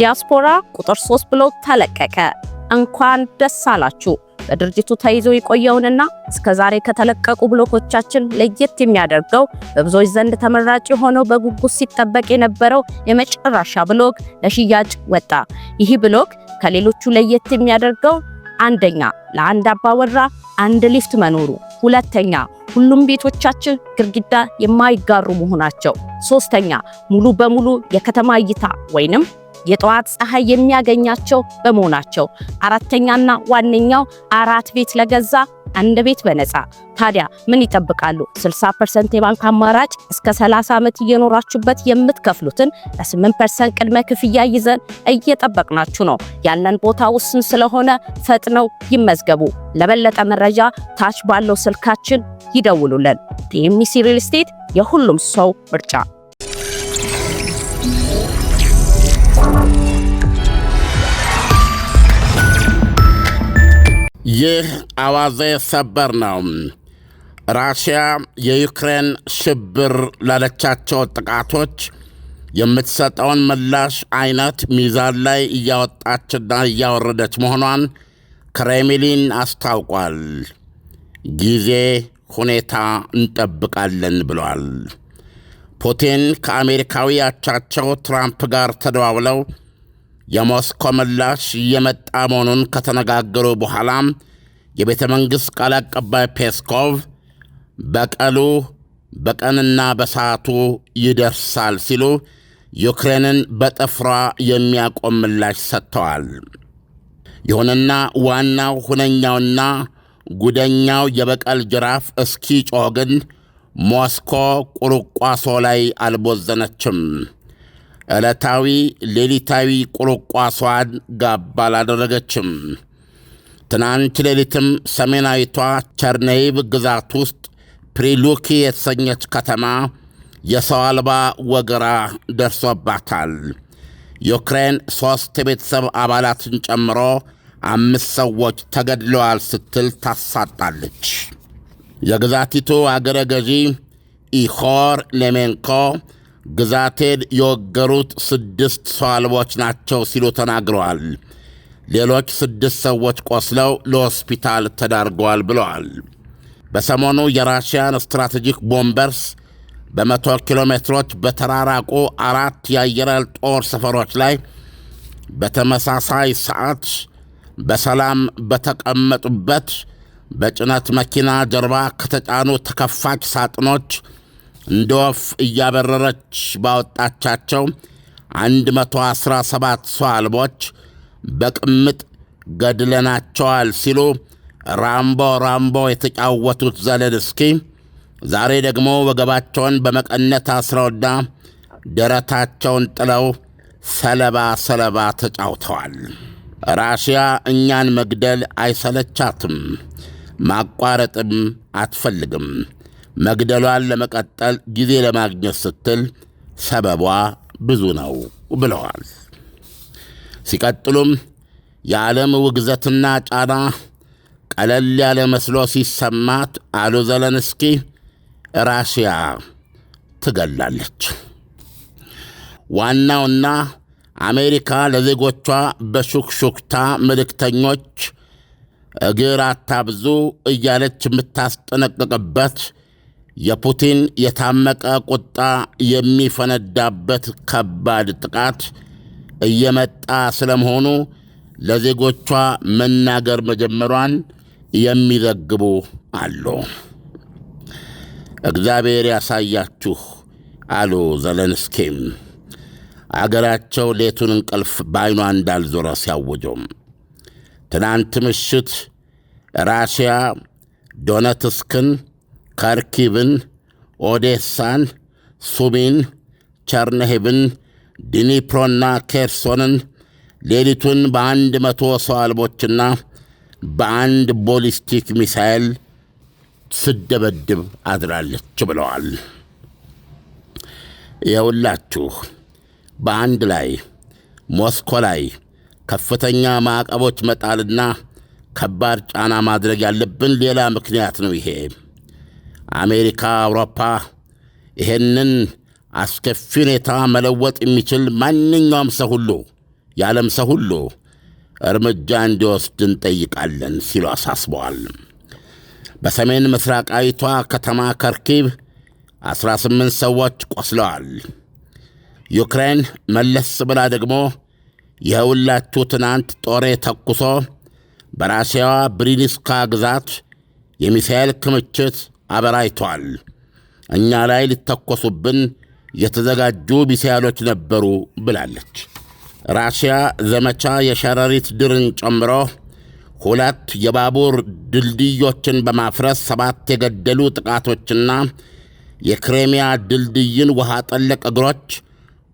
ዲያስፖራ ቁጥር 3 ብሎ ተለቀቀ። እንኳን ደስ አላችሁ። በድርጅቱ ተይዞ የቆየውንና እስከዛሬ ከተለቀቁ ብሎኮቻችን ለየት የሚያደርገው በብዙዎች ዘንድ ተመራጭ የሆነው በጉጉት ሲጠበቅ የነበረው የመጨረሻ ብሎክ ለሽያጭ ወጣ። ይህ ብሎክ ከሌሎቹ ለየት የሚያደርገው አንደኛ፣ ለአንድ አባወራ አንድ ሊፍት መኖሩ፣ ሁለተኛ፣ ሁሉም ቤቶቻችን ግድግዳ የማይጋሩ መሆናቸው፣ ሶስተኛ፣ ሙሉ በሙሉ የከተማ እይታ ወይንም የጠዋት ፀሐይ የሚያገኛቸው በመሆናቸው። አራተኛና ዋነኛው አራት ቤት ለገዛ አንድ ቤት በነፃ። ታዲያ ምን ይጠብቃሉ? 60% የባንክ አማራጭ እስከ 30 ዓመት እየኖራችሁበት የምትከፍሉትን ለ8% ቅድመ ክፍያ ይዘን እየጠበቅናችሁ ነው። ያለን ቦታ ውስን ስለሆነ ፈጥነው ይመዝገቡ። ለበለጠ መረጃ ታች ባለው ስልካችን ይደውሉልን። ቲኤምሲ ሪል ስቴት የሁሉም ሰው ምርጫ ይህ አዋዜ ሰበር ነው። ራሽያ የዩክሬን ሽብር ላለቻቸው ጥቃቶች የምትሰጠውን ምላሽ አይነት ሚዛን ላይ እያወጣችና እያወረደች መሆኗን ክሬምሊን አስታውቋል። ጊዜ ሁኔታ እንጠብቃለን ብሏል። ፑቲን ከአሜሪካዊ አቻቸው ትራምፕ ጋር ተደዋውለው የሞስኮ ምላሽ እየመጣ መሆኑን ከተነጋገሩ በኋላ የቤተ መንግሥት ቃል አቀባይ ፔስኮቭ በቀሉ በቀንና በሰዓቱ ይደርሳል ሲሉ ዩክሬንን በጥፍሯ የሚያቆም ምላሽ ሰጥተዋል። ይሁንና ዋናው ሁነኛውና ጉደኛው የበቀል ጅራፍ እስኪ ጮህ ግን ሞስኮ ቁርቋሶ ላይ አልቦዘነችም። ዕለታዊ ሌሊታዊ ቁርቋሷን ጋባ አላደረገችም። ትናንት ሌሊትም ሰሜናዊቷ ቸርነይብ ግዛት ውስጥ ፕሪሉኪ የተሰኘች ከተማ የሰው አልባ ወገራ ደርሶባታል። ዩክሬን ሦስት የቤተሰብ አባላትን ጨምሮ አምስት ሰዎች ተገድለዋል ስትል ታሳጣለች። የግዛቲቱ አገረ ገዢ ኢሆር ሌሜንኮ ግዛቴን የወገሩት ስድስት ሰው አልቦች ናቸው ሲሉ ተናግረዋል። ሌሎች ስድስት ሰዎች ቆስለው ለሆስፒታል ተዳርገዋል ብለዋል። በሰሞኑ የራሽያን ስትራቴጂክ ቦምበርስ በመቶ ኪሎ ሜትሮች በተራራቁ አራት የአየር ጦር ሰፈሮች ላይ በተመሳሳይ ሰዓት በሰላም በተቀመጡበት በጭነት መኪና ጀርባ ከተጫኑ ተከፋች ሳጥኖች እንደ ወፍ እያበረረች ባወጣቻቸው 117 ሰው አልቦች በቅምጥ ገድለናቸዋል ሲሉ ራምቦ ራምቦ የተጫወቱት ዘለንስኪ ዛሬ ደግሞ ወገባቸውን በመቀነት አስረውና ደረታቸውን ጥለው ሰለባ ሰለባ ተጫውተዋል። ራሽያ እኛን መግደል አይሰለቻትም፣ ማቋረጥም አትፈልግም። መግደሏን ለመቀጠል ጊዜ ለማግኘት ስትል ሰበቧ ብዙ ነው ብለዋል። ሲቀጥሉም የዓለም ውግዘትና ጫና ቀለል ያለ መስሎ ሲሰማት አሉ ዘለንስኪ፣ ራሽያ ትገላለች። ዋናውና አሜሪካ ለዜጎቿ በሹክሹክታ መልእክተኞች እግር አታብዙ እያለች የምታስጠነቅቅበት የፑቲን የታመቀ ቁጣ የሚፈነዳበት ከባድ ጥቃት እየመጣ ስለመሆኑ ለዜጎቿ መናገር መጀመሯን የሚዘግቡ አሉ። እግዚአብሔር ያሳያችሁ አሉ ዘለንስኪም አገራቸው ሌቱን እንቅልፍ በዐይኗ እንዳልዞረ ሲያውጁም ትናንት ምሽት ራሽያ ዶነትስክን ካርኪቭን፣ ኦዴሳን፣ ሱሚን፣ ቸርነሄብን፣ ዲኒፕሮና ኬርሶንን ሌሊቱን በአንድ መቶ ሰው አልቦችና በአንድ ቦሊስቲክ ሚሳይል ስደበድብ አድራለች ብለዋል። የውላችሁ በአንድ ላይ ሞስኮ ላይ ከፍተኛ ማዕቀቦች መጣልና ከባድ ጫና ማድረግ ያለብን ሌላ ምክንያት ነው ይሄ። አሜሪካ፣ አውሮፓ ይህንን አስከፊ ሁኔታ መለወጥ የሚችል ማንኛውም ሰው ሁሉ የዓለም ሰው ሁሉ እርምጃ እንዲወስድ እንጠይቃለን ሲሉ አሳስበዋል። በሰሜን ምስራቃዊቷ ከተማ ከርኪቭ 18 ሰዎች ቆስለዋል። ዩክሬን መለስ ብላ ደግሞ የሁላችሁ ትናንት ጦሬ ተኩሶ በራሽያዋ ብሪኒስካ ግዛት የሚሳኤል ክምችት አበራይቷል። እኛ ላይ ሊተኮሱብን የተዘጋጁ ሚሳይሎች ነበሩ ብላለች። ራሽያ ዘመቻ የሸረሪት ድርን ጨምሮ ሁለት የባቡር ድልድዮችን በማፍረስ ሰባት የገደሉ ጥቃቶችና የክሬሚያ ድልድይን ውሃ ጠለቅ እግሮች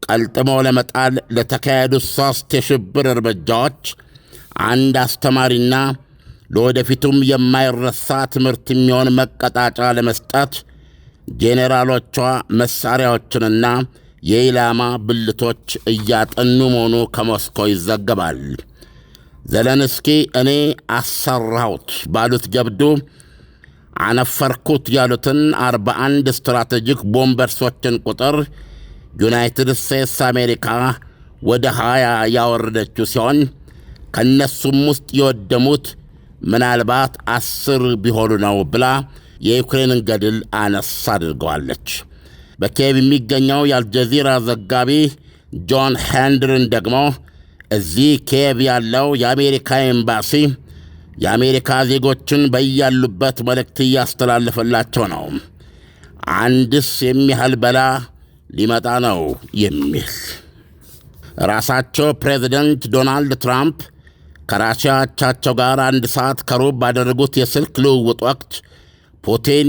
ቀልጥሞ ለመጣል ለተካሄዱ ሦስት የሽብር እርምጃዎች አንድ አስተማሪና ለወደፊቱም የማይረሳ ትምህርት የሚሆን መቀጣጫ ለመስጠት ጄኔራሎቿ መሣሪያዎችንና የኢላማ ብልቶች እያጠኑ መሆኑ ከሞስኮ ይዘገባል። ዘለንስኪ እኔ አሰራሁት ባሉት ጀብዱ አነፈርኩት ያሉትን 41 ስትራቴጂክ ቦምበርሶችን ቁጥር ዩናይትድ ስቴትስ አሜሪካ ወደ 20 ያወረደችው ሲሆን ከእነሱም ውስጥ የወደሙት ምናልባት አስር ቢሆኑ ነው ብላ የዩክሬንን ገድል አነስ አድርገዋለች። በኪየቭ የሚገኘው የአልጀዚራ ዘጋቢ ጆን ሄንድርን ደግሞ እዚህ ኪየቭ ያለው የአሜሪካ ኤምባሲ የአሜሪካ ዜጎችን በያሉበት መልእክት እያስተላለፈላቸው ነው። አንድስ የሚያህል በላ ሊመጣ ነው የሚል ራሳቸው ፕሬዚደንት ዶናልድ ትራምፕ ከራሽያ አቻቸው ጋር አንድ ሰዓት ከሩብ ባደረጉት የስልክ ልውውጥ ወቅት ፑቲን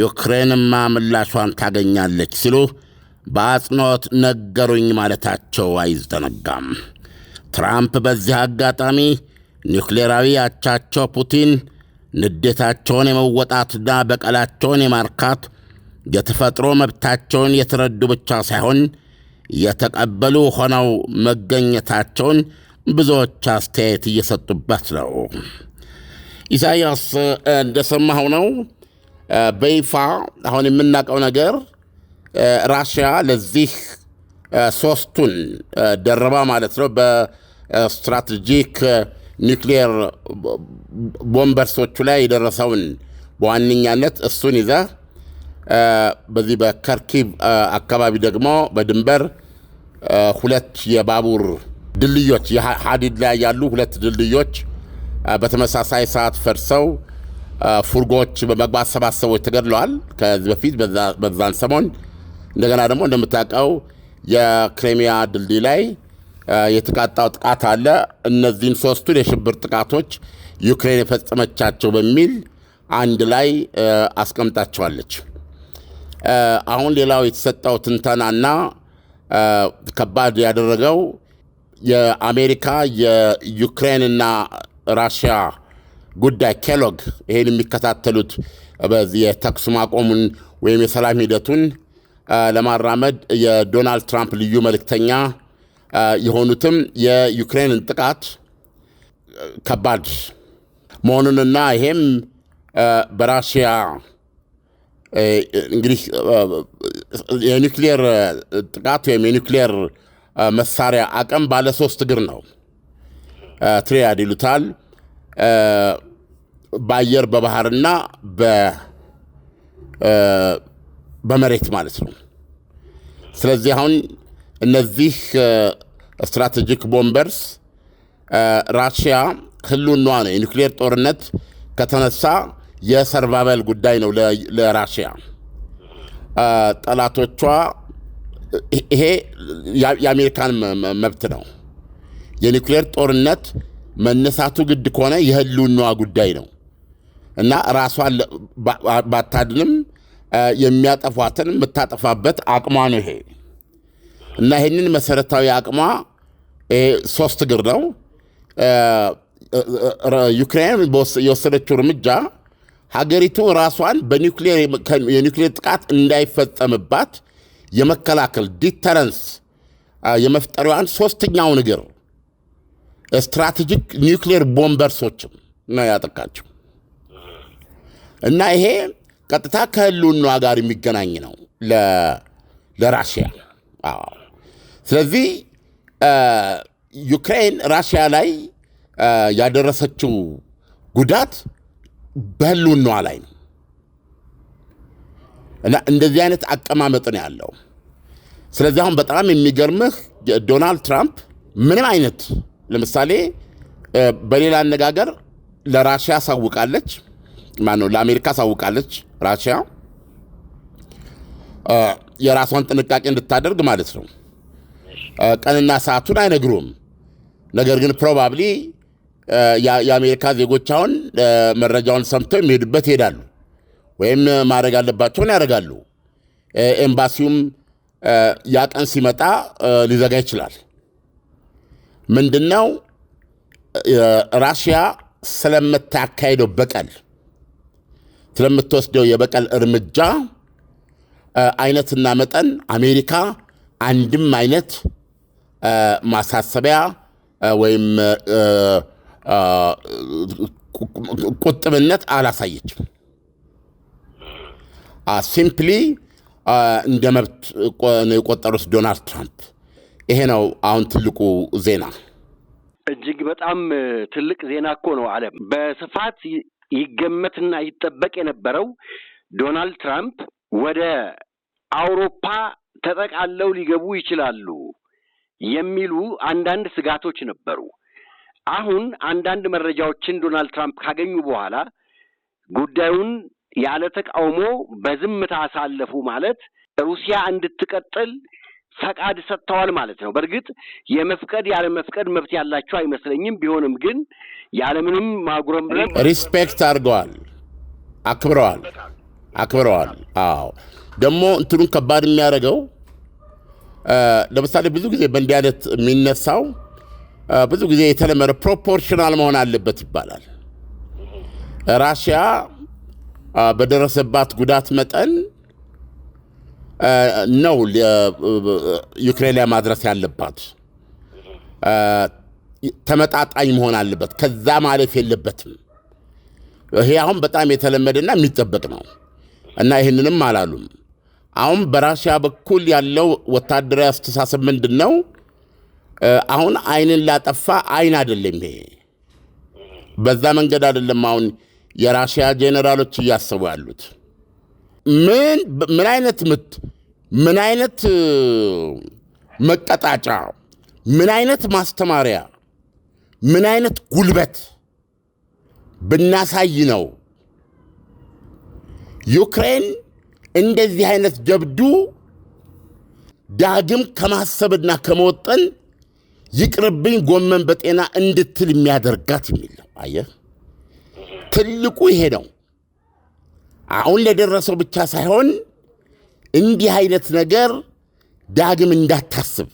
ዩክሬንማ ምላሿን ታገኛለች ሲሉ በአጽንኦት ነገሩኝ ማለታቸው አይዘነጋም። ትራምፕ በዚህ አጋጣሚ ኒውክሌራዊ አቻቸው ፑቲን ንዴታቸውን የመወጣትና በቀላቸውን የማርካት የተፈጥሮ መብታቸውን የተረዱ ብቻ ሳይሆን የተቀበሉ ሆነው መገኘታቸውን ብዙዎች አስተያየት እየሰጡበት ነው። ኢሳያስ እንደሰማኸው ነው። በይፋ አሁን የምናውቀው ነገር ራሽያ ለዚህ ሶስቱን ደረባ ማለት ነው በስትራቴጂክ ኒውክሊየር ቦምበርሶቹ ላይ የደረሰውን በዋነኛነት እሱን ይዛ በዚህ በከርኪቭ አካባቢ ደግሞ በድንበር ሁለት የባቡር ድልድዮች የሀዲድ ላይ ያሉ ሁለት ድልድዮች በተመሳሳይ ሰዓት ፈርሰው ፉርጎች በመግባት ሰባት ሰዎች ተገድለዋል። ከዚህ በፊት በዛን ሰሞን እንደገና ደግሞ እንደምታውቀው የክሬሚያ ድልድይ ላይ የተቃጣው ጥቃት አለ። እነዚህን ሶስቱን የሽብር ጥቃቶች ዩክሬን የፈጸመቻቸው በሚል አንድ ላይ አስቀምጣቸዋለች። አሁን ሌላው የተሰጠው ትንተናና ከባድ ያደረገው የአሜሪካ የዩክሬንና ራሽያ ጉዳይ ኬሎግ ይህን የሚከታተሉት በዚህ የተኩስ ማቆሙን ወይም የሰላም ሂደቱን ለማራመድ የዶናልድ ትራምፕ ልዩ መልእክተኛ የሆኑትም የዩክሬንን ጥቃት ከባድ መሆኑንና ይሄም በራሽያ እንግዲህ የኒክሌር ጥቃት ወይም የኒክሌር መሳሪያ አቅም ባለ ሶስት እግር ነው። ትሪያድ ይሉታል። በአየር በባህርና በመሬት ማለት ነው። ስለዚህ አሁን እነዚህ ስትራቴጂክ ቦምበርስ ራሽያ ህልውኗ ነው። የኒክሌር ጦርነት ከተነሳ የሰርቫይቫል ጉዳይ ነው ለራሽያ ጠላቶቿ ይሄ የአሜሪካን መብት ነው። የኒውክሌር ጦርነት መነሳቱ ግድ ከሆነ የህልውናዋ ጉዳይ ነው እና ራሷን ባታድንም የሚያጠፏትን የምታጠፋበት አቅሟ ነው ይሄ እና ይህንን መሰረታዊ አቅሟ ሶስት እግር ነው። ዩክሬን የወሰደችው እርምጃ ሀገሪቱ ራሷን የኒውክሌር ጥቃት እንዳይፈጸምባት የመከላከል ዲተረንስ የመፍጠሪዋን ሶስተኛው ነገር ስትራቴጂክ ኒውክሌር ቦምበርሶችም ነው ያጠቃቸው እና ይሄ ቀጥታ ከህልውናዋ ጋር የሚገናኝ ነው ለራሽያ። ስለዚህ ዩክሬን ራሽያ ላይ ያደረሰችው ጉዳት በህልውናዋ ላይ ነው። እና እንደዚህ አይነት አቀማመጥ ነው ያለው። ስለዚህ አሁን በጣም የሚገርምህ ዶናልድ ትራምፕ ምንም አይነት ለምሳሌ በሌላ አነጋገር ለራሽያ አሳውቃለች፣ ማነው ለአሜሪካ አሳውቃለች ራሽያ የራሷን ጥንቃቄ እንድታደርግ ማለት ነው። ቀንና ሰዓቱን አይነግሩም። ነገር ግን ፕሮባብሊ የአሜሪካ ዜጎች አሁን መረጃውን ሰምተው የሚሄዱበት ይሄዳሉ። ወይም ማድረግ አለባቸውን ያደርጋሉ። ኤምባሲውም ያ ቀን ሲመጣ ሊዘጋ ይችላል። ምንድነው ራሽያ ስለምታካሄደው በቀል ስለምትወስደው የበቀል እርምጃ አይነትና መጠን አሜሪካ አንድም አይነት ማሳሰቢያ ወይም ቁጥብነት አላሳየችም። ሲምፕሊ uh, uh, እንደ መብት ነው የቆጠሩት ዶናልድ ትራምፕ። ይሄ ነው አሁን ትልቁ ዜና። እጅግ በጣም ትልቅ ዜና እኮ ነው። ዓለም በስፋት ይገመትና ይጠበቅ የነበረው ዶናልድ ትራምፕ ወደ አውሮፓ ተጠቃለው ሊገቡ ይችላሉ የሚሉ አንዳንድ ስጋቶች ነበሩ። አሁን አንዳንድ መረጃዎችን ዶናልድ ትራምፕ ካገኙ በኋላ ጉዳዩን ያለ ተቃውሞ በዝምታ አሳለፉ ማለት ሩሲያ እንድትቀጥል ፈቃድ ሰጥተዋል ማለት ነው። በእርግጥ የመፍቀድ ያለ መፍቀድ መብት ያላቸው አይመስለኝም። ቢሆንም ግን ያለምንም ማጉረምረም ሪስፔክት አድርገዋል፣ አክብረዋል፣ አክብረዋል። አዎ ደግሞ እንትኑን ከባድ የሚያደርገው ለምሳሌ ብዙ ጊዜ በእንዲህ አይነት የሚነሳው ብዙ ጊዜ የተለመደ ፕሮፖርሽናል መሆን አለበት ይባላል ራሽያ በደረሰባት ጉዳት መጠን ነው ዩክሬን ላይ ማድረስ ያለባት። ተመጣጣኝ መሆን አለበት። ከዛ ማለፍ የለበትም። ይሄ አሁን በጣም የተለመደና የሚጠበቅ ነው እና ይህንንም አላሉም። አሁን በራሽያ በኩል ያለው ወታደራዊ አስተሳሰብ ምንድን ነው? አሁን አይንን ላጠፋ አይን አይደለም። ይሄ በዛ መንገድ አይደለም አሁን የራሽያ ጄኔራሎች እያሰቡ ያሉት ምን ምን አይነት ምት ምን አይነት መቀጣጫ ምን አይነት ማስተማሪያ ምን አይነት ጉልበት ብናሳይ ነው ዩክሬን እንደዚህ አይነት ጀብዱ ዳግም ከማሰብና ከመወጠን ይቅርብኝ ጎመን በጤና እንድትል የሚያደርጋት የሚል ነው። አየህ። ትልቁ ይሄ ነው። አሁን ለደረሰው ብቻ ሳይሆን እንዲህ አይነት ነገር ዳግም እንዳታስብ፣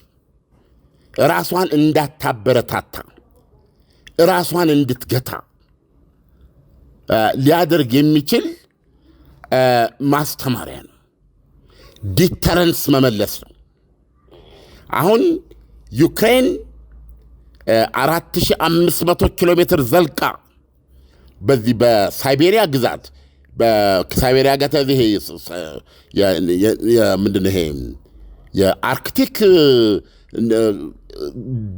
ራሷን እንዳታበረታታ፣ ራሷን እንድትገታ ሊያደርግ የሚችል ማስተማሪያ ነው። ዲተረንስ መመለስ ነው። አሁን ዩክሬን 4500 ኪሎ ሜትር ዘልቃ በዚህ በሳይቤሪያ ግዛት ከሳይቤሪያ ጋር ምንድን ይሄ የአርክቲክ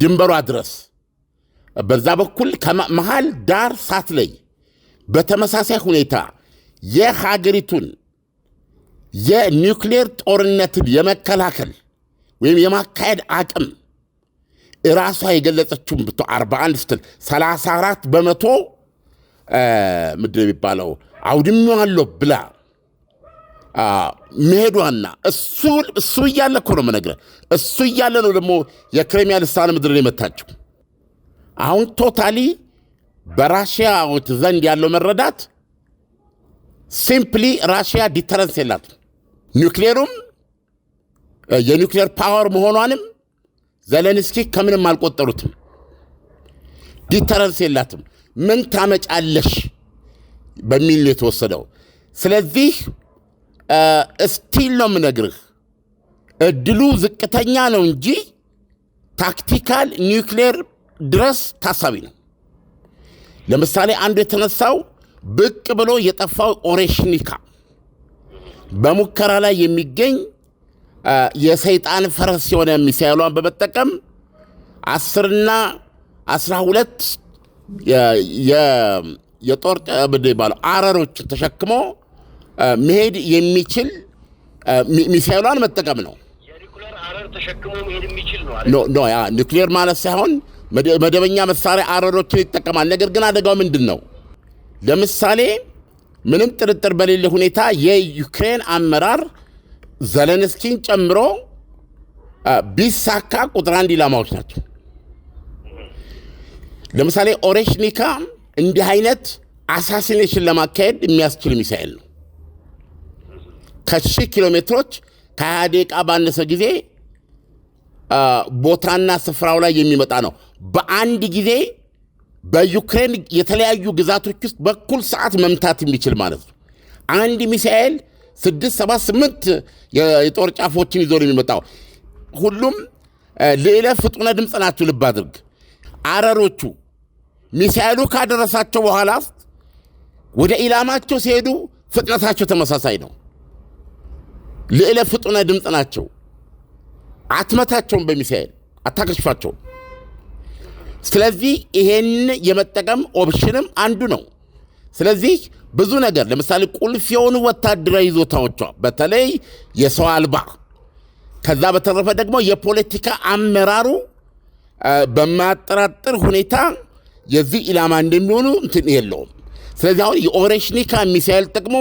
ድንበሯ ድረስ በዛ በኩል መሃል ዳር ሳትለይ በተመሳሳይ ሁኔታ የሀገሪቱን የኒውክሌር ጦርነትን የመከላከል ወይም የማካሄድ አቅም ራሷ የገለጸችውን ብቶ 41 ስትል 34 በመቶ ምድር የሚባለው አውድሜዋለሁ ብላ መሄዷና እሱ እያለ እኮ ነው የምነግርህ። እሱ እያለ ነው ደግሞ የክሬሚያ ልሳነ ምድር የመታችው። አሁን ቶታሊ በራሽያዎች ዘንድ ያለው መረዳት ሲምፕሊ ራሽያ ዲተረንስ የላትም። ኒውክሌሩም የኒውክሌር ፓወር መሆኗንም ዘለንስኪ ከምንም አልቆጠሩትም። ዲተረንስ የላትም። ምን ታመጫለሽ በሚል ነው የተወሰደው። ስለዚህ እስቲል ነው የምነግርህ፣ እድሉ ዝቅተኛ ነው እንጂ ታክቲካል ኒውክሌር ድረስ ታሳቢ ነው። ለምሳሌ አንዱ የተነሳው ብቅ ብሎ የጠፋው ኦሬሽኒካ በሙከራ ላይ የሚገኝ የሰይጣን ፈረስ የሆነ ሚሳይሏን በመጠቀም አስርና አስራ ሁለት የጦር ምንድን ይባሉ አረሮች ተሸክሞ መሄድ የሚችል ሚሳይሏን መጠቀም ነው። ኒውክሌር ማለት ሳይሆን መደበኛ መሳሪያ አረሮችን ይጠቀማል። ነገር ግን አደጋው ምንድን ነው? ለምሳሌ ምንም ጥርጥር በሌለ ሁኔታ የዩክሬን አመራር ዘለንስኪን ጨምሮ ቢሳካ ቁጥር አንድ ኢላማዎች ናቸው። ለምሳሌ ኦሬሽኒካ እንዲህ አይነት አሳሲኔሽን ለማካሄድ የሚያስችል ሚሳኤል ነው። ከሺህ ኪሎ ሜትሮች ከሀያ ደቂቃ ባነሰ ጊዜ ቦታና ስፍራው ላይ የሚመጣ ነው። በአንድ ጊዜ በዩክሬን የተለያዩ ግዛቶች ውስጥ በኩል ሰዓት መምታት የሚችል ማለት ነው። አንድ ሚሳኤል ስድስት ሰባት ስምንት የጦር ጫፎችን ይዞ ነው የሚመጣው። ሁሉም ልዕለ ፍጡነ ድምፅ ናችሁ። ልብ አድርግ አረሮቹ ሚሳኤሉ ካደረሳቸው በኋላ ወደ ኢላማቸው ሲሄዱ ፍጥነታቸው ተመሳሳይ ነው። ልዕለ ፍጡነ ድምፅ ናቸው። አትመታቸውን በሚሳኤል አታከሽፋቸውም። ስለዚህ ይሄን የመጠቀም ኦፕሽንም አንዱ ነው። ስለዚህ ብዙ ነገር ለምሳሌ ቁልፍ የሆኑ ወታደራዊ ይዞታዎቿ በተለይ የሰው አልባ ከዛ በተረፈ ደግሞ የፖለቲካ አመራሩ በማያጠራጥር ሁኔታ የዚህ ኢላማ እንደሚሆኑ እንትን የለውም። ስለዚህ አሁን የኦሬሽኒካ ሚሳይል ጥቅሙ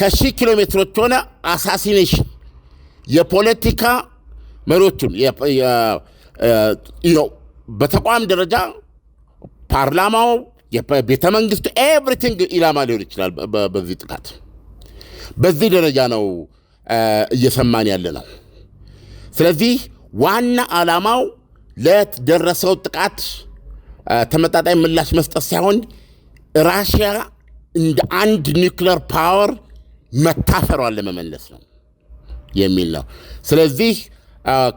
ከሺህ ኪሎ ሜትሮች ሆነ አሳሲኔሽን የፖለቲካ መሪዎቹን በተቋም ደረጃ ፓርላማው፣ ቤተ መንግስቱ ኤቭሪቲንግ ኢላማ ሊሆን ይችላል። በዚህ ጥቃት በዚህ ደረጃ ነው እየሰማን ያለ ነው። ስለዚህ ዋና ዓላማው ለደረሰው ጥቃት ተመጣጣኝ ምላሽ መስጠት ሳይሆን ራሽያ እንደ አንድ ኒውክለር ፓወር መታፈሯን ለመመለስ ነው የሚል ነው። ስለዚህ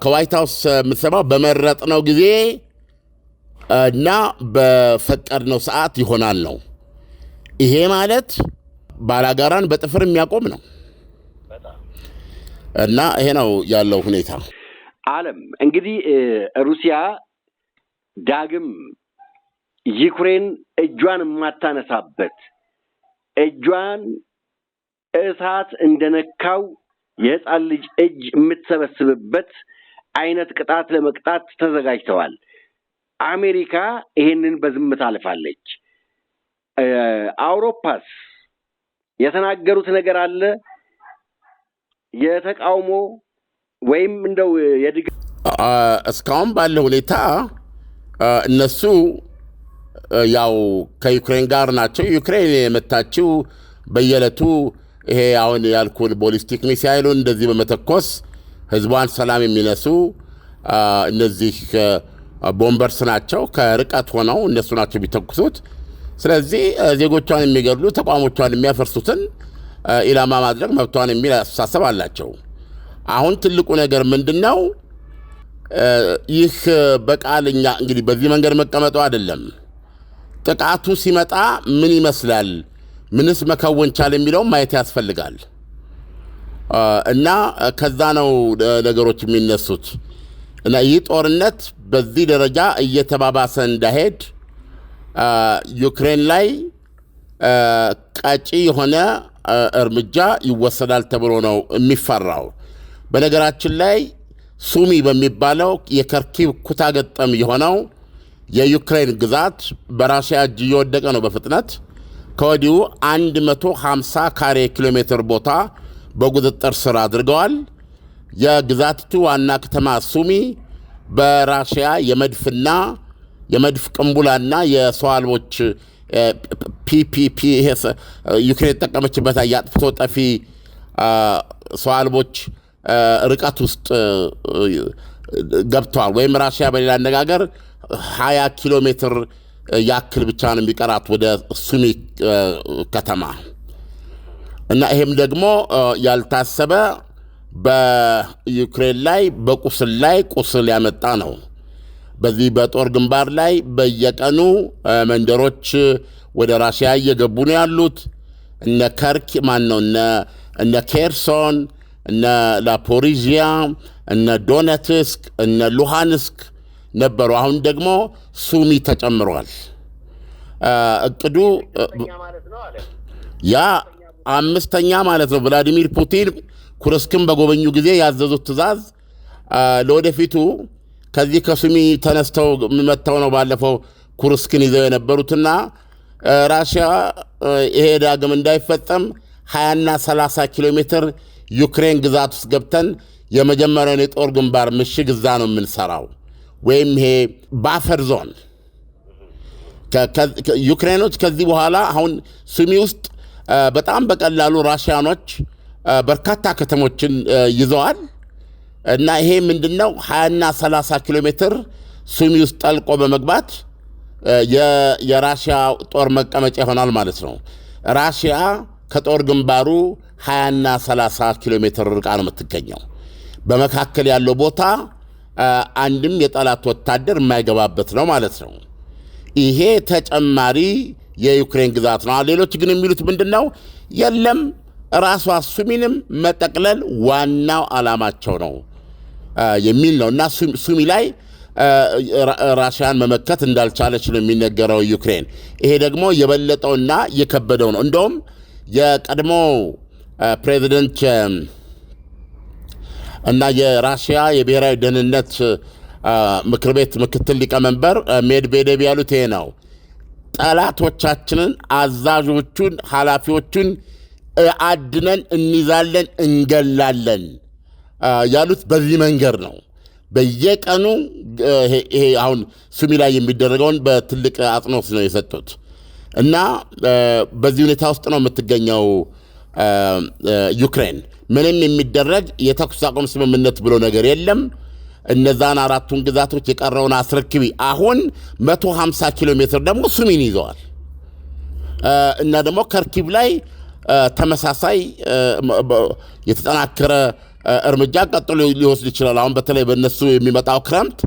ከዋይት ሀውስ የምትሰማው በመረጥነው ጊዜ እና ነው ሰዓት ይሆናል ነው። ይሄ ማለት ባላጋራን በጥፍር የሚያቆም ነው እና ይሄ ነው ያለው ሁኔታ። አለም እንግዲህ ሩሲያ ዳግም ዩክሬን እጇን የማታነሳበት እጇን እሳት እንደነካው የህፃን ልጅ እጅ የምትሰበስብበት አይነት ቅጣት ለመቅጣት ተዘጋጅተዋል። አሜሪካ ይሄንን በዝምታ አልፋለች። አውሮፓስ የተናገሩት ነገር አለ የተቃውሞ ወይም እንደው የድግ እስካሁን ባለ ሁኔታ እነሱ ያው ከዩክሬን ጋር ናቸው። ዩክሬን የመታችው በየዕለቱ ይሄ አሁን ያልኩን ቦሊስቲክ ሚሳይሉን እንደዚህ በመተኮስ ህዝቧን ሰላም የሚነሱ እነዚህ ቦምበርስ ናቸው። ከርቀት ሆነው እነሱ ናቸው የሚተኩሱት። ስለዚህ ዜጎቿን የሚገድሉ ተቋሞቿን የሚያፈርሱትን ኢላማ ማድረግ መብቷን የሚል አስተሳሰብ አላቸው። አሁን ትልቁ ነገር ምንድን ነው? ይህ በቃል እኛ እንግዲህ በዚህ መንገድ መቀመጡ አይደለም ጥቃቱ ሲመጣ ምን ይመስላል፣ ምንስ መከወን ቻል የሚለው ማየት ያስፈልጋል እና ከዛ ነው ነገሮች የሚነሱት እና ይህ ጦርነት በዚህ ደረጃ እየተባባሰ እንዳሄድ ዩክሬን ላይ ቀጪ የሆነ እርምጃ ይወሰዳል ተብሎ ነው የሚፈራው። በነገራችን ላይ ሱሚ በሚባለው የከርኪቭ ኩታ ገጠም የሆነው የዩክሬን ግዛት በራሽያ እጅ እየወደቀ ነው። በፍጥነት ከወዲሁ 150 ካሬ ኪሎ ሜትር ቦታ በቁጥጥር ስር አድርገዋል። የግዛቲቱ ዋና ከተማ ሱሚ በራሽያ የመድፍና የመድፍ ቅንቡላና የሰው አልቦች ፒፒፒ ዩክሬን የተጠቀመችበት የአጥፍቶ ጠፊ ሰው አልቦች ርቀት ውስጥ ገብተዋል። ወይም ራሽያ በሌላ አነጋገር 20 ኪሎ ሜትር ያክል ብቻ ነው የሚቀራት ወደ ሱሚ ከተማ እና ይሄም ደግሞ ያልታሰበ በዩክሬን ላይ በቁስል ላይ ቁስል ያመጣ ነው። በዚህ በጦር ግንባር ላይ በየቀኑ መንደሮች ወደ ራሽያ እየገቡ ነው ያሉት። እነ ከርክ ማን ነው እነ ኬርሶን፣ እነ ላፖሪዥያ፣ እነ ዶነትስክ፣ እነ ሉሃንስክ ነበሩ። አሁን ደግሞ ሱሚ ተጨምሯል። እቅዱ ያ አምስተኛ ማለት ነው። ቭላዲሚር ፑቲን ኩርስክን በጎበኙ ጊዜ ያዘዙት ትዕዛዝ ለወደፊቱ ከዚህ ከሱሚ ተነስተው የሚመጥተው ነው ባለፈው ኩርስክን ይዘው የነበሩትና ራሽያ ይሄ ዳግም እንዳይፈጸም ሀያና ሰላሳ ኪሎ ሜትር ዩክሬን ግዛት ውስጥ ገብተን የመጀመሪያውን የጦር ግንባር ምሽግ እዛ ነው የምንሰራው ወይም ይሄ ባፈር ዞን ዩክሬኖች ከዚህ በኋላ አሁን ሱሚ ውስጥ በጣም በቀላሉ ራሽያኖች በርካታ ከተሞችን ይዘዋል እና ይሄ ምንድን ነው ሀያና ሰላሳ ኪሎ ሜትር ሱሚ ውስጥ ጠልቆ በመግባት የራሽያ ጦር መቀመጫ ይሆናል ማለት ነው። ራሽያ ከጦር ግንባሩ ሀያና ሰላሳ ኪሎ ሜትር ርቃ ነው የምትገኘው። በመካከል ያለው ቦታ አንድም የጠላት ወታደር የማይገባበት ነው ማለት ነው። ይሄ ተጨማሪ የዩክሬን ግዛት ነው። ሌሎች ግን የሚሉት ምንድን ነው? የለም ራሷ ሱሚንም መጠቅለል ዋናው ዓላማቸው ነው የሚል ነው እና ሱሚ ላይ ራሽያን መመከት እንዳልቻለች ነው የሚነገረው ዩክሬን። ይሄ ደግሞ የበለጠውና የከበደው ነው። እንደውም የቀድሞ ፕሬዚደንት እና የራሽያ የብሔራዊ ደህንነት ምክር ቤት ምክትል ሊቀመንበር ሜድቬዴቭ ያሉት ይሄ ነው። ጠላቶቻችንን፣ አዛዦቹን፣ ኃላፊዎቹን አድነን እንይዛለን፣ እንገላለን ያሉት በዚህ መንገድ ነው። በየቀኑ ይሄ አሁን ሱሚ ላይ የሚደረገውን በትልቅ አጽንኦት ነው የሰጡት እና በዚህ ሁኔታ ውስጥ ነው የምትገኘው ዩክሬን ምንም የሚደረግ የተኩስ አቁም ስምምነት ብሎ ነገር የለም። እነዛን አራቱን ግዛቶች የቀረውን አስረክቢ። አሁን 150 ኪሎ ሜትር ደግሞ ሱሚን ይዘዋል እና ደግሞ ከርኪብ ላይ ተመሳሳይ የተጠናከረ እርምጃ ቀጥሎ ሊወስድ ይችላል። አሁን በተለይ በእነሱ የሚመጣው ክረምት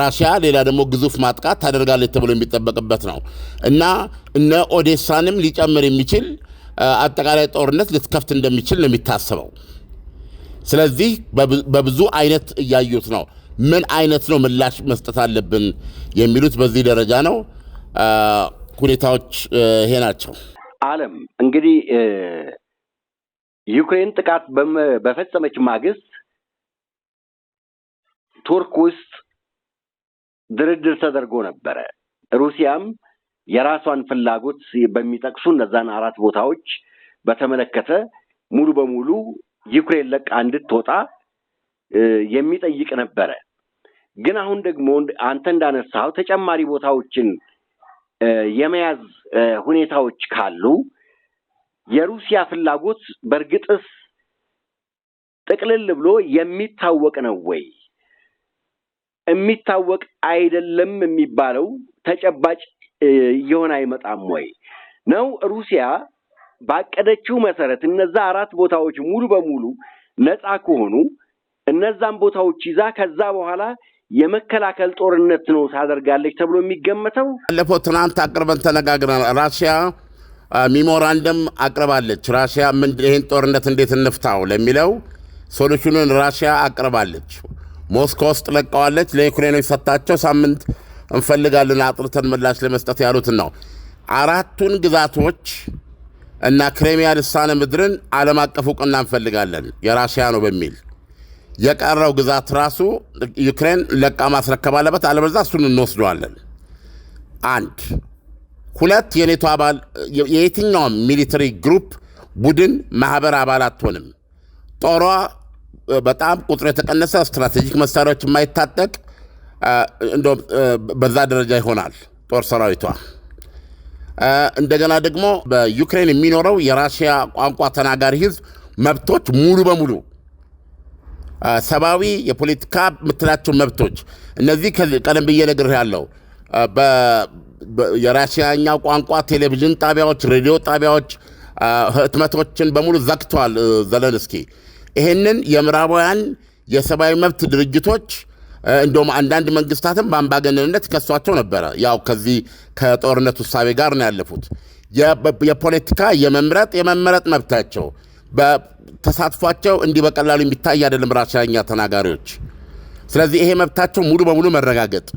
ራሽያ ሌላ ደግሞ ግዙፍ ማጥቃት ታደርጋለች ተብሎ የሚጠበቅበት ነው እና እነ ኦዴሳንም ሊጨምር የሚችል አጠቃላይ ጦርነት ልትከፍት እንደሚችል ነው የሚታሰበው። ስለዚህ በብዙ አይነት እያዩት ነው። ምን አይነት ነው ምላሽ መስጠት አለብን የሚሉት በዚህ ደረጃ ነው። ሁኔታዎች ይሄ ናቸው። አለም እንግዲህ ዩክሬን ጥቃት በፈጸመች ማግስት ቱርክ ውስጥ ድርድር ተደርጎ ነበረ። ሩሲያም የራሷን ፍላጎት በሚጠቅሱ እነዛን አራት ቦታዎች በተመለከተ ሙሉ በሙሉ ዩክሬን ለቃ እንድትወጣ የሚጠይቅ ነበረ። ግን አሁን ደግሞ አንተ እንዳነሳው ተጨማሪ ቦታዎችን የመያዝ ሁኔታዎች ካሉ የሩሲያ ፍላጎት በእርግጥስ ጥቅልል ብሎ የሚታወቅ ነው ወይ? የሚታወቅ አይደለም የሚባለው ተጨባጭ እየሆነ አይመጣም ወይ ነው ሩሲያ ባቀደችው መሰረት እነዛ አራት ቦታዎች ሙሉ በሙሉ ነፃ ከሆኑ እነዛን ቦታዎች ይዛ ከዛ በኋላ የመከላከል ጦርነት ነው ታደርጋለች ተብሎ የሚገመተው። ባለፈው ትናንት አቅርበን ተነጋግረን ራሽያ ሚሞራንደም አቅርባለች። ራሽያ ይህን ጦርነት እንዴት እንፍታው ለሚለው ሶሉሽኑን ራሽያ አቅርባለች። ሞስኮ ውስጥ ለቀዋለች። ለዩክሬኖች ሰጥታቸው ሳምንት እንፈልጋለን አጥርተን ምላሽ ለመስጠት ያሉትን ነው። አራቱን ግዛቶች እና ክሬሚያ ልሳነ ምድርን ዓለም አቀፍ እውቅና እንፈልጋለን የራሽያ ነው በሚል የቀረው ግዛት ራሱ ዩክሬን ለቃ ማስረከብ አለበት፣ አለበዛ እሱን እንወስደዋለን። አንድ ሁለት የኔቶ አባል የየትኛውም ሚሊተሪ ግሩፕ ቡድን ማህበር አባል አትሆንም። ጦሯ በጣም ቁጥሩ የተቀነሰ ስትራቴጂክ መሳሪያዎች የማይታጠቅ እንደውም በዛ ደረጃ ይሆናል ጦር ሰራዊቷ። እንደገና ደግሞ በዩክሬን የሚኖረው የራሽያ ቋንቋ ተናጋሪ ህዝብ መብቶች ሙሉ በሙሉ ሰብአዊ፣ የፖለቲካ የምትላቸው መብቶች እነዚህ ቀደም ብዬ ያለው የራሽያኛ ቋንቋ ቴሌቪዥን ጣቢያዎች፣ ሬዲዮ ጣቢያዎች፣ ህትመቶችን በሙሉ ዘግተዋል ዘለንስኪ። ይህንን የምዕራባውያን የሰብአዊ መብት ድርጅቶች እንደውም አንዳንድ መንግስታትም በአምባገነንነት ይከሷቸው ነበረ። ያው ከዚህ ከጦርነት ውሳቤ ጋር ነው ያለፉት። የፖለቲካ የመምረጥ የመመረጥ መብታቸው ተሳትፏቸው እንዲህ በቀላሉ የሚታይ አይደለም፣ ራሽያኛ ተናጋሪዎች። ስለዚህ ይሄ መብታቸው ሙሉ በሙሉ መረጋገጥ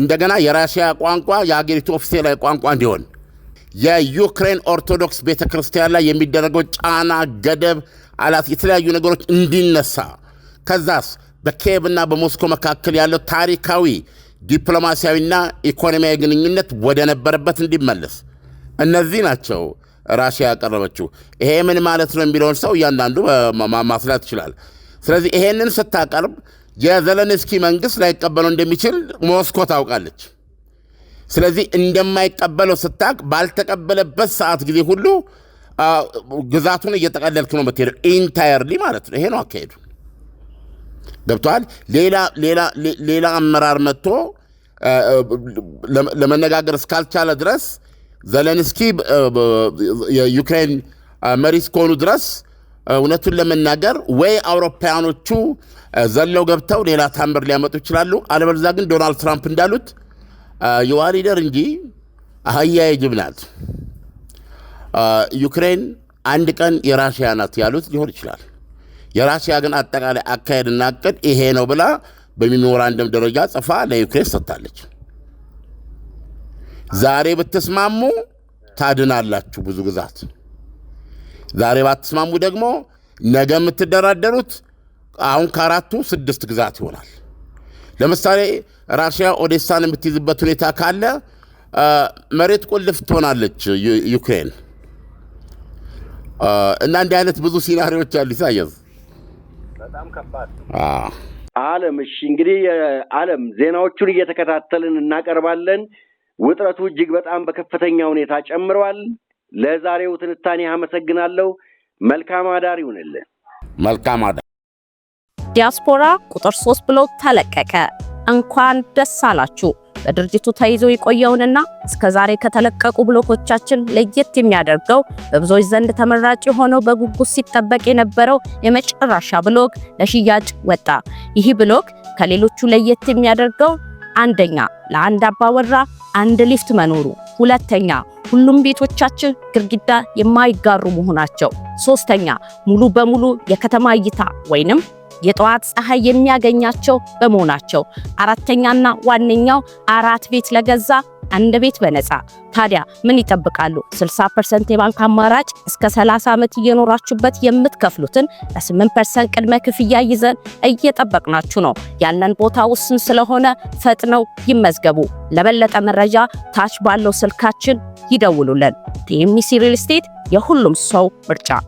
እንደገና የራሽያ ቋንቋ የአገሪቱ ኦፊሴላዊ ቋንቋ እንዲሆን የዩክሬን ኦርቶዶክስ ቤተ ክርስቲያን ላይ የሚደረገው ጫና፣ ገደብ አላት የተለያዩ ነገሮች እንዲነሳ ከዛስ በኪየቭና በሞስኮ መካከል ያለው ታሪካዊ ዲፕሎማሲያዊና ኢኮኖሚያዊ ግንኙነት ወደ ነበረበት እንዲመለስ እነዚህ ናቸው ራሽያ ያቀረበችው። ይሄ ምን ማለት ነው የሚለውን ሰው እያንዳንዱ ማስላት ይችላል። ስለዚህ ይሄንን ስታቀርብ የዘለንስኪ መንግስት ላይቀበለው እንደሚችል ሞስኮ ታውቃለች። ስለዚህ እንደማይቀበለው ስታቅ ባልተቀበለበት ሰዓት ጊዜ ሁሉ ግዛቱን እየጠቀለልክ ነው የምትሄደው ኢንታየርሊ ማለት ነው። ይሄ ነው አካሄዱ። ገብተዋል። ሌላ አመራር መጥቶ ለመነጋገር እስካልቻለ ድረስ ዘለንስኪ የዩክሬን መሪ እስከሆኑ ድረስ እውነቱን ለመናገር ወይ አውሮፓውያኖቹ ዘለው ገብተው ሌላ ታምር ሊያመጡ ይችላሉ። አለበለዚያ ግን ዶናልድ ትራምፕ እንዳሉት የዋ ሊደር እንጂ አህያ የጅብ ናት። ዩክሬን አንድ ቀን የራሽያ ናት ያሉት ሊሆን ይችላል። የራሽያ ግን አጠቃላይ አካሄድና እቅድ ይሄ ነው ብላ በሚሞራንደም ደረጃ ጽፋ ለዩክሬን ሰጥታለች። ዛሬ ብትስማሙ ታድናላችሁ ብዙ ግዛት፣ ዛሬ ባትስማሙ ደግሞ ነገ የምትደራደሩት አሁን ከአራቱ ስድስት ግዛት ይሆናል። ለምሳሌ ራሽያ ኦዴሳን የምትይዝበት ሁኔታ ካለ መሬት ቁልፍ ትሆናለች ዩክሬን እና እንዲህ አይነት ብዙ ሲናሪዎች አሉ ይሳየዝ አለም እሺ፣ እንግዲህ አለም ዜናዎቹን እየተከታተልን እናቀርባለን። ውጥረቱ እጅግ በጣም በከፍተኛ ሁኔታ ጨምረዋል። ለዛሬው ትንታኔ አመሰግናለሁ። መልካም አዳር ይሁንልን። መልካም አዳር። ዲያስፖራ ቁጥር ሶስት ብሎ ተለቀቀ። እንኳን ደስ አላችሁ። በድርጅቱ ተይዞ የቆየውንና እስከዛሬ ከተለቀቁ ብሎኮቻችን ለየት የሚያደርገው በብዙዎች ዘንድ ተመራጭ የሆነው በጉጉት ሲጠበቅ የነበረው የመጨረሻ ብሎክ ለሽያጭ ወጣ። ይህ ብሎክ ከሌሎቹ ለየት የሚያደርገው አንደኛ ለአንድ አባወራ አንድ ሊፍት መኖሩ ሁለተኛ ሁሉም ቤቶቻችን ግድግዳ የማይጋሩ መሆናቸው፣ ሶስተኛ ሙሉ በሙሉ የከተማ እይታ ወይንም የጠዋት ፀሐይ የሚያገኛቸው በመሆናቸው፣ አራተኛና ዋነኛው አራት ቤት ለገዛ አንድ ቤት በነፃ ታዲያ ምን ይጠብቃሉ? 60% የባንክ አማራጭ እስከ 30 ዓመት እየኖራችሁበት የምትከፍሉትን ለ8% ቅድመ ክፍያ ይዘን እየጠበቅናችሁ ነው። ያለን ቦታ ውስን ስለሆነ ፈጥነው ይመዝገቡ። ለበለጠ መረጃ ታች ባለው ስልካችን ይደውሉልን። ቲኤምሲ ሪል ስቴት የሁሉም ሰው ምርጫ